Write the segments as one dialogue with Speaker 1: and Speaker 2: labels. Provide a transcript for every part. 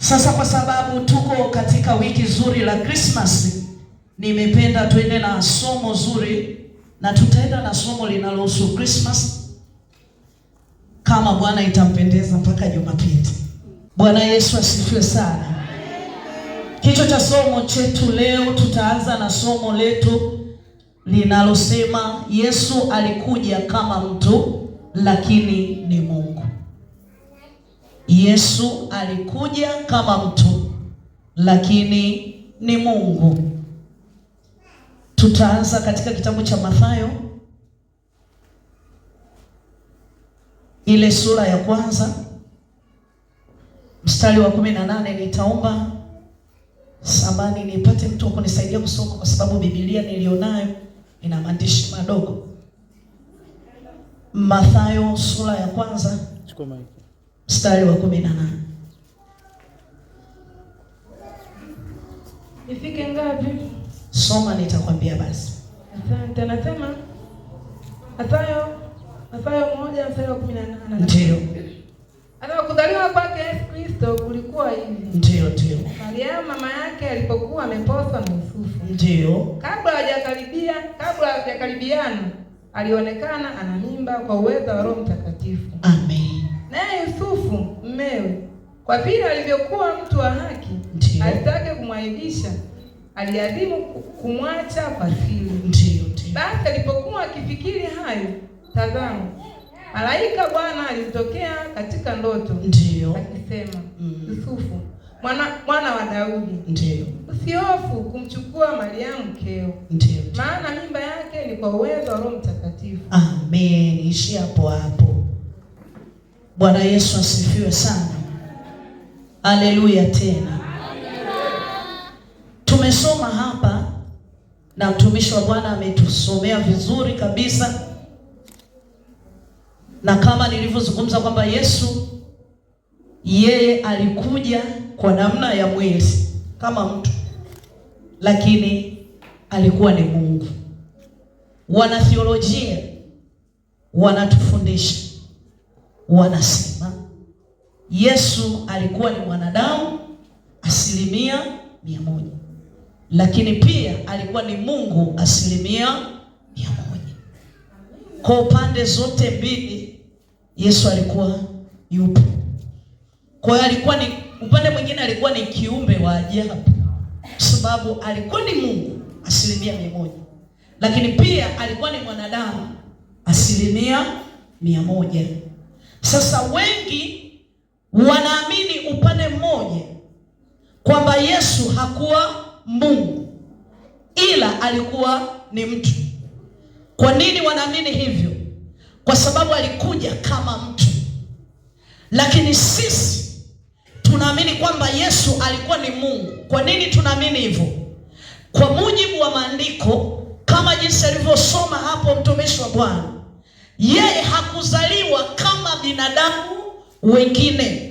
Speaker 1: Sasa kwa sababu tuko katika wiki zuri la Christmas, nimependa tuende na somo zuri, na tutaenda na somo linalohusu Christmas kama Bwana itampendeza mpaka Jumapili. Bwana Yesu asifiwe sana. Kichwa cha somo chetu leo, tutaanza na somo letu linalosema Yesu alikuja kama mtu lakini ni Mungu. Yesu alikuja kama mtu, lakini ni Mungu. Tutaanza katika kitabu cha Mathayo ile sura ya kwanza mstari wa kumi na nane. Nitaomba samani nipate mtu wa kunisaidia kusoma, kwa sababu Biblia nilionayo ina maandishi madogo. Mathayo sura ya kwanza. Chukua mstari wa kumi na nane
Speaker 2: ifike ngapi?
Speaker 1: Soma, nitakwambia basi.
Speaker 2: Asante, anasema Mathayo, Mathayo moja mstari wa kumi na nane Ndiyo. Anasema kuzaliwa kwake Yesu Kristo kulikuwa hivi.
Speaker 1: ndio ndio
Speaker 2: maria mama yake alipokuwa ameposwa na Yusufu. ndio Kabla hajakaribia, kabla hajakaribiana, alionekana ana mimba kwa uwezo wa Roho mwenyewe. Kwa vile alivyokuwa mtu wa haki, alitaka kumwaibisha, aliadhimu kumwacha kwa
Speaker 1: siri.
Speaker 2: Basi alipokuwa akifikiri hayo, tazama, malaika Bwana alimtokea katika ndoto,
Speaker 1: ndio
Speaker 2: akisema, mm. Yusufu mwana mwana wa Daudi, ndio usihofu kumchukua Mariamu mkeo, ndio maana mimba yake ni kwa uwezo wa Roho Mtakatifu.
Speaker 1: Amen. Ishi hapo hapo. Bwana Yesu asifiwe sana, aleluya Tena tumesoma hapa na mtumishi wa Bwana ametusomea vizuri kabisa, na kama nilivyozungumza kwamba Yesu yeye alikuja kwa namna ya mwili kama mtu, lakini alikuwa ni Mungu. Wanatheolojia wanatufundisha wanasema Yesu alikuwa ni mwanadamu asilimia mia moja, lakini pia alikuwa ni Mungu asilimia mia moja. Kwa upande zote mbili Yesu alikuwa yupo. Kwa hiyo alikuwa ni upande mwingine, alikuwa ni kiumbe wa ajabu, kwa sababu alikuwa ni Mungu asilimia mia moja, lakini pia alikuwa ni mwanadamu asilimia mia moja. Sasa wengi wanaamini upande mmoja kwamba Yesu hakuwa Mungu ila alikuwa ni mtu. Kwa nini wanaamini hivyo? Kwa sababu alikuja kama mtu, lakini sisi tunaamini kwamba Yesu alikuwa ni Mungu. Kwa nini tunaamini hivyo? Kwa mujibu wa maandiko, kama jinsi alivyosoma hapo mtumishi wa Bwana, yeye hakuzaliwa kama binadamu wengine.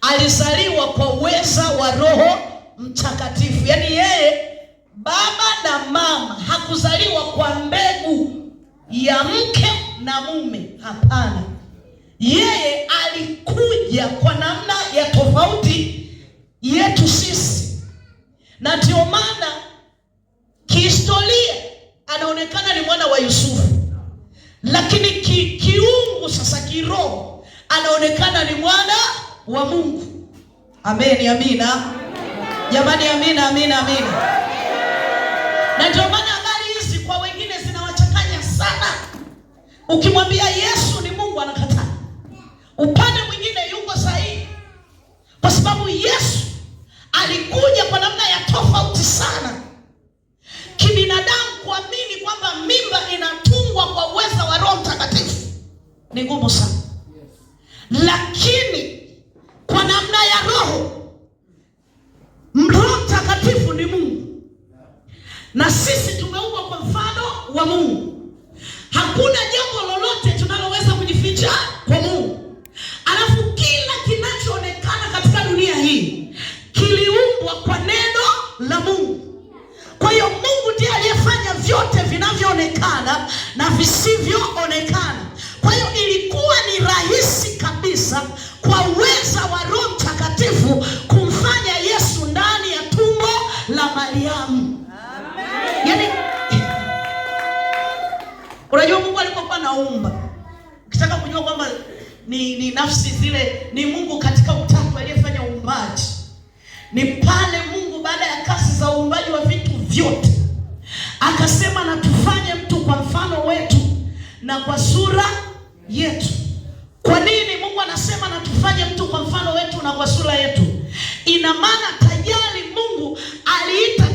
Speaker 1: Alizaliwa kwa uweza wa Roho Mtakatifu, yaani yeye baba na mama hakuzaliwa kwa mbegu ya mke na mume. Hapana, yeye alikuja kwa namna ya tofauti yetu sisi, na ndio maana anaonekana ni mwana wa Mungu. Amen, amina. Jamani, amina, amina, amina. Na ndio maana habari hizi kwa wengine zinawachanganya sana. Ukimwambia Yesu ni Mungu anakataa. Upande lakini kwa namna ya roho. Roho Mtakatifu ni Mungu na sisi tumeumbwa kwa mfano wa Mungu. Hakuna jambo lolote tunaloweza kujificha kwa Mungu, alafu kila kinachoonekana katika dunia hii kiliumbwa kwa neno la Mungu. Kwa hiyo Mungu ndiye aliyefanya vyote vinavyoonekana na visivyoonekana. Kwa hiyo ilikuwa ni rahisi kuweza kwa uweza wa Roho Mtakatifu kumfanya Yesu ndani ya tumbo la Mariamu. Amen. Yani, unajua Mungu alipokuwa naumba, ukitaka kujua kwamba ni, ni nafsi zile ni Mungu katika utatu aliyefanya uumbaji ni pale Mungu baada ya kazi za uumbaji wa vitu vyote akasema, na tufanye mtu kwa mfano wetu na kwa sura yetu kwa nini Mungu anasema na tufanye mtu kwa mfano wetu na kwa sura yetu? Ina maana tayari Mungu aliita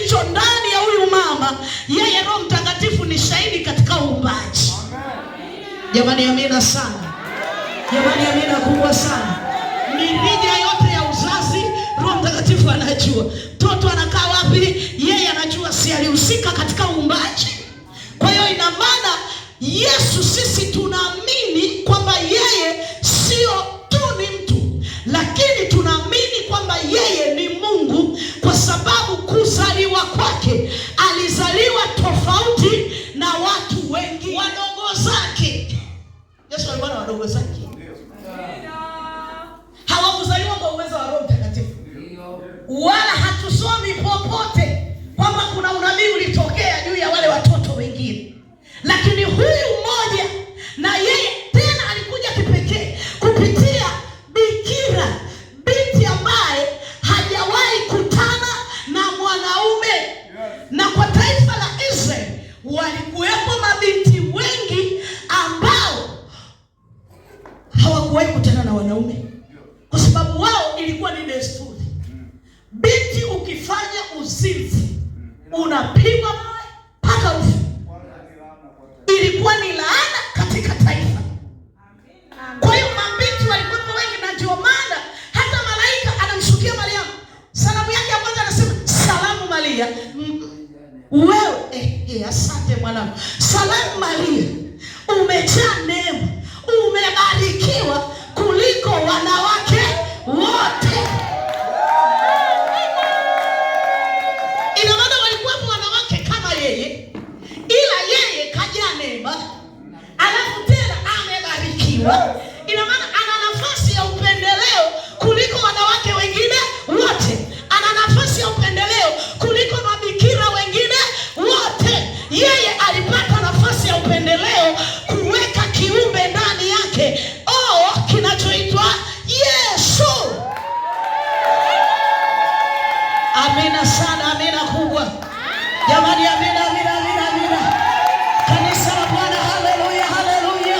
Speaker 1: kilicho ndani ya huyu mama, yeye Roho Mtakatifu ni shahidi katika uumbaji. Jamani, amina sana, jamani, amina kubwa sana. Mirija yote ya uzazi Roho Mtakatifu anajua. Mtoto anakaa wapi, yeye anajua, si alihusika katika uumbaji? Kwa hiyo ina maana Yesu sisi tunaamini Yesu walikuwa na wadogo zake, hawakuzaliwa kwa uwezo wa Roho Mtakatifu, wala hatusomi wanaume, kwa sababu wao ilikuwa ni desturi. Binti ukifanya uzinzi unapigwa mawe mpaka Ilikuwa ni laana katika taifa. Kwa hiyo mabinti walikuwa wengi, na ndio maana hata malaika anamshukia Mariamu, salamu yake ya kwanza anasema salamu Maria. Wewe eh, eh asante mwanangu. Salamu Maria, umejaa neema, umebarikiwa wanawake wote. Ina maana walikuwepo wanawake kama yeye, ila yeye kajaa neema, alafu tena amebarikiwa Amina sana, amina kubwa jamani, amina, amina, amina, amina. Kanisa la Bwana, haleluya, haleluya,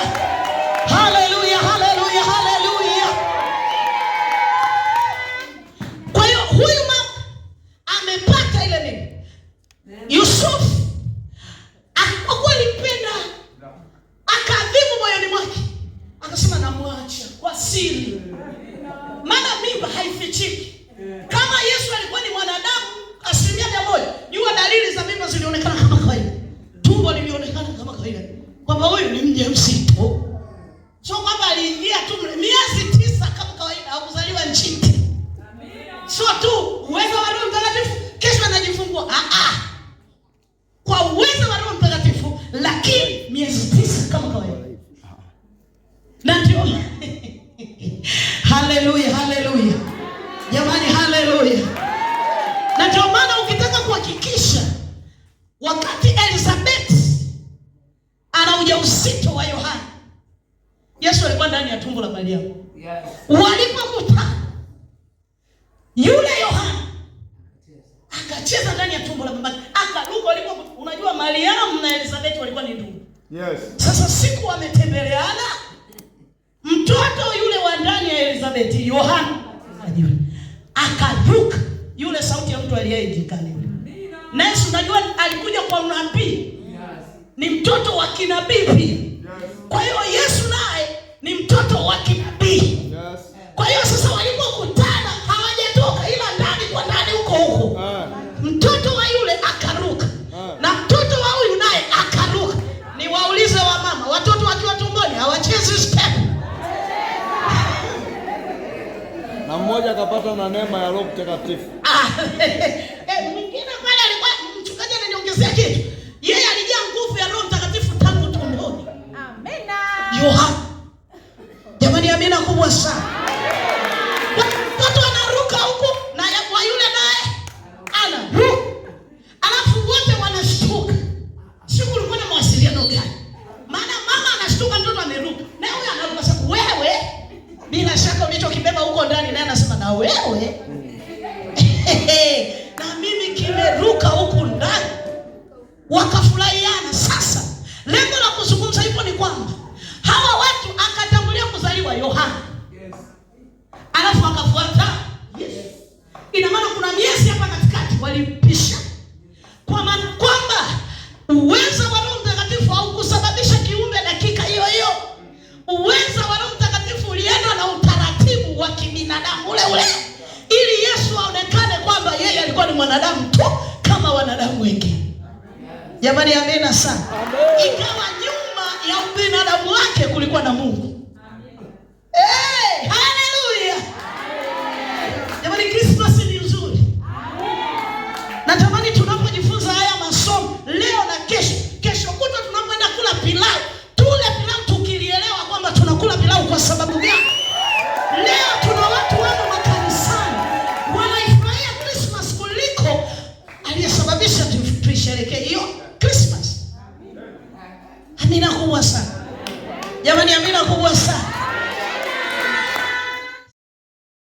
Speaker 1: haleluya, haleluya, haleluya. Kwa hiyo huyu mama amepata ile nini, Yusuf alipokuwa alimpenda, akadhibu moyoni mwake, akasema namwacha kwa siri, maana mimba haifichiki kama moja, jua dalili za mimba zilionekana kama kawaida, tumbo lilionekana kama kawaida, kwamba huyu ni mjamzito. Sio kwamba aliingia tu miezi tisa kama kawaida, akuzaliwa nchini, Sio tu uwezo wa Roho Mtakatifu, kesho anajifungua. Ah ah ujauzito wa Yohana. Yesu alikuwa ndani ya tumbo la Mariamu. Yes. Walipokuta yule Yohana akacheza ndani ya tumbo la mama akaruka walipokuta. Unajua Mariamu na Elizabeth walikuwa ni ndugu. Yes. Sasa siku wametembeleana mtoto yule wa ndani ya Elizabeth Yohana akaruka yule sauti ya mtu aliyejulikana. Na Yesu unajua alikuja kwa unabii ni mtoto wa kinabii pia. Kwa hiyo Yesu naye ni mtoto wa kinabii. Kwa hiyo sasa walipokutana hawajatoka, ila ndani kwa ndani huko huko mtoto wa yule akaruka na mtoto wa huyu naye akaruka. Niwaulize wa mama, watoto wakiwa tumboni hawachezi step,
Speaker 3: na mmoja akapata na neema ya Roho Mtakatifu
Speaker 1: ah, kutosha. Mtoto anaruka huku na wa yule naye anaruka, alafu wote wanashtuka. Siku ulikuwa na mawasiliano gani? Maana mama anashtuka, mtoto ameruka na huyo anaruka. Sasa wewe, bila shaka ulicho kibeba huko ndani, naye anasema na wewe na mimi kimeruka huku ndani, wakafurahiana. Sasa lengo la kuzungumza hivyo ni kwamba hawa watu akatangulia kuzaliwa Yohana wakafuata Yesu. Ina maana kuna miezi hapa katikati walimpisha, kwa maana kwamba uwezo wa Roho Mtakatifu haukusababisha kiumbe dakika hiyo hiyo. Uwezo wa Roho Mtakatifu ulienda na utaratibu wa kibinadamu ule ule, ili Yesu aonekane kwamba yeye alikuwa ni mwanadamu tu kama wanadamu wengine. Jamani, amena sana. Ikawa nyuma ya ubinadamu wake kulikuwa na Mungu. Amen. Hey, eh,